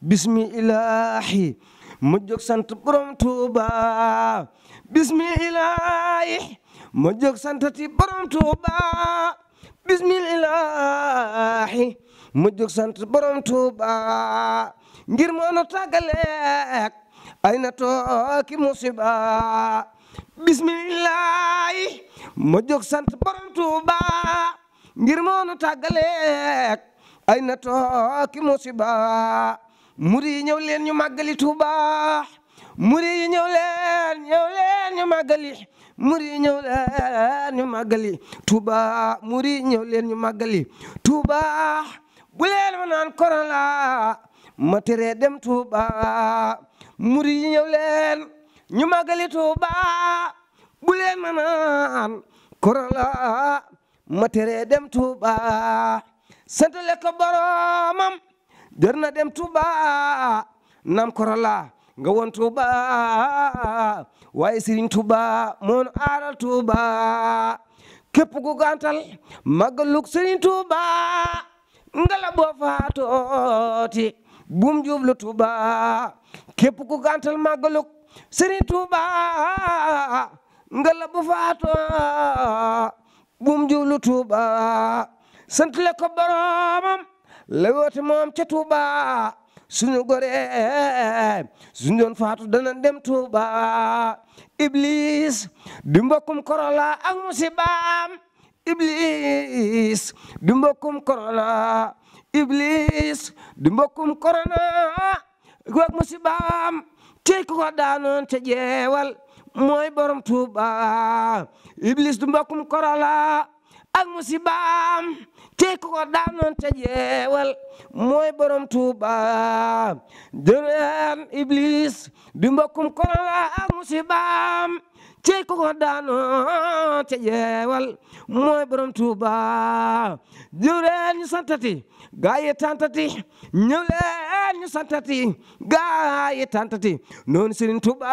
bismillaahi ma jóg sant borom Tuuba bismillaahi ma jóg santati borom Tuuba bismillaahi ma jóg sant borom Tuuba ngir moo nu tàggaleek ay sant borom Tuuba ngir moo nu ay na tooki musiba muri yi ñëw leen ñu màggali Tuuba muri yi ñëw leen ñëw leen ñu màggali muri yi ñëw leen ñu màggali Tuuba muri yi ñëw leen ñu màggali Tuuba bu leen ma naan koron la ma tere dem Tuuba muri yi ñëw leen ñu màggali Tuuba bu leen ma naan koron la ma tere dem Tuuba santale ko boromam jar na dem Touba nam korola nga won Touba waaye Serigne Touba moon aaral Touba képp ku gantal magaluk Serigne Touba ngala boo faatooti bum jublu Touba képp ku gantal magaluk Serigne Touba ngala bu faatoo bum jublu Touba sant ko boromam lewoti moom ca Tuuba suñu gore suñu faatu dana dem Tuuba Iblis di mbokkum korola ak musibaam Iblis di mbokkum korola Iblis di mbokkum korona ak musibaam tey ku ko daanoon te jeewal mooy borom Tuuba Iblis di mbokkum korola ak musibaam lii ku ko daanoon te jeewal mooy borom Tuuba dëneen iblis di mbokkum ko la musibaam cey ku ko daanoon te jeewal mooy borom Tuuba jëleen ñu santati gaa yi tantati ñëw leen ñu santati gaa yi tantati noonu Sëriñ Tuuba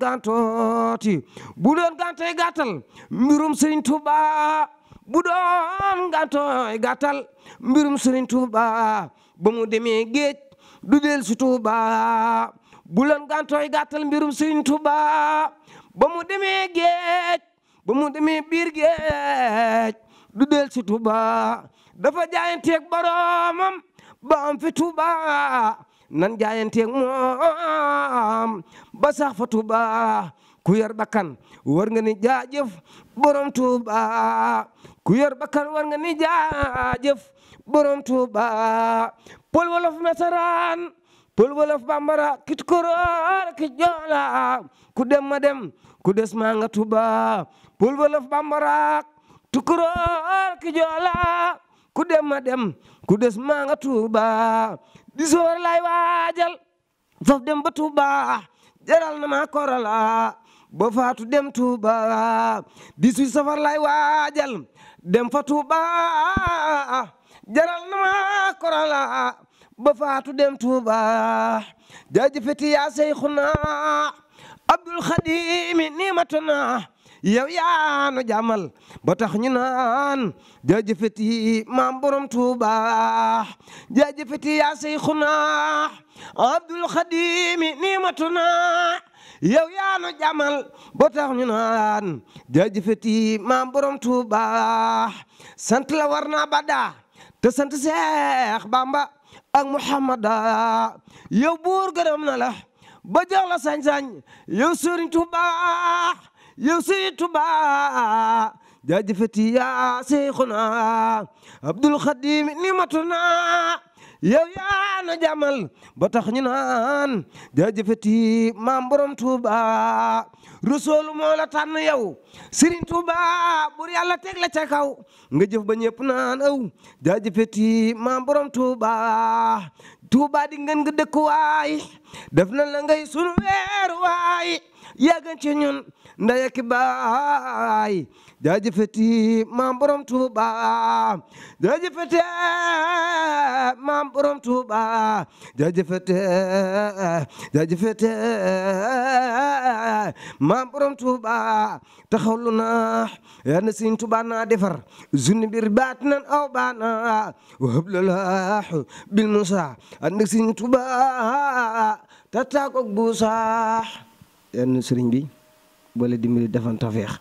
gantooti bu leen gantoy gàttal mbirum Sëriñ bu doon nga tooy gàttal mbirum Serigne Touba mu demee géej du del si Touba bu loon nga tooy gàttal mbirum Serigne Touba mu demee géej ba mu demee biir géej du del si Touba dafa jaayanteeg boroomam ba am fi nan jaayanteeg moom ba sax fa Touba ku yor bakkan war nga ni jaajëf borom Tuuba ku yor bakkan war nga ni jaajëf borom Tuuba pol wolof nasaraan pol wolof bambara ki ku dem ma dem ku tukoroor ki joola ku dem ma ku des maa Tuuba di soor lay waajal foof dem ba Tuuba jaral na ma korala ba faatu dem Tuuba bisu safar lay waajal dem fa Tuuba jaral na ma korala ba dem Tuuba jaajëfeti yaa Seyxuna Abdul Xadimi nimatuna yow yaa nu jàmmal ba tax ñu naan jaajëfeti maam borom Tuuba jaajëfeti yaa Seyxuna Abdul Xadimi nimatuna yow yaa nu jàmmal ba tax ñu naan jaajëfati maam borom Tuuba sant la war naa ba daa te sant Seex Bamba ak Muhammada yow buur gërëm na la ba jox la sañ-sañ yow Sëriñ Tuuba yow Sëriñ Tuuba jaajëfati yaa Seexuna Abdul Xadim nimatuna yow yaa nu jàmmal ba tax ñu naan jaajëfati maam borom Touba Rasuul moo la tànn yow Serigne Touba bur yàlla teg la ca kaw nga jëf ba ñëpp naan aw jaajëfati maam borom Touba Touba di ngeen nga dëkkuwaay def na la ngay sunu weer waay yàggan ci ñun ndey ak baay jaajëfati maam borom Tuuba jaajëfati maam borom Tuuba jaajëfati jaajëfati maam borom Tuuba taxawlu na yaa na Sëriñ Tuuba na defar junni bir baat nan aw baana wa hablalah bil musa ànd ak Sëriñ Tuuba ta taak ak buusa yenn sëriñ bi boole dimbali defan tafeex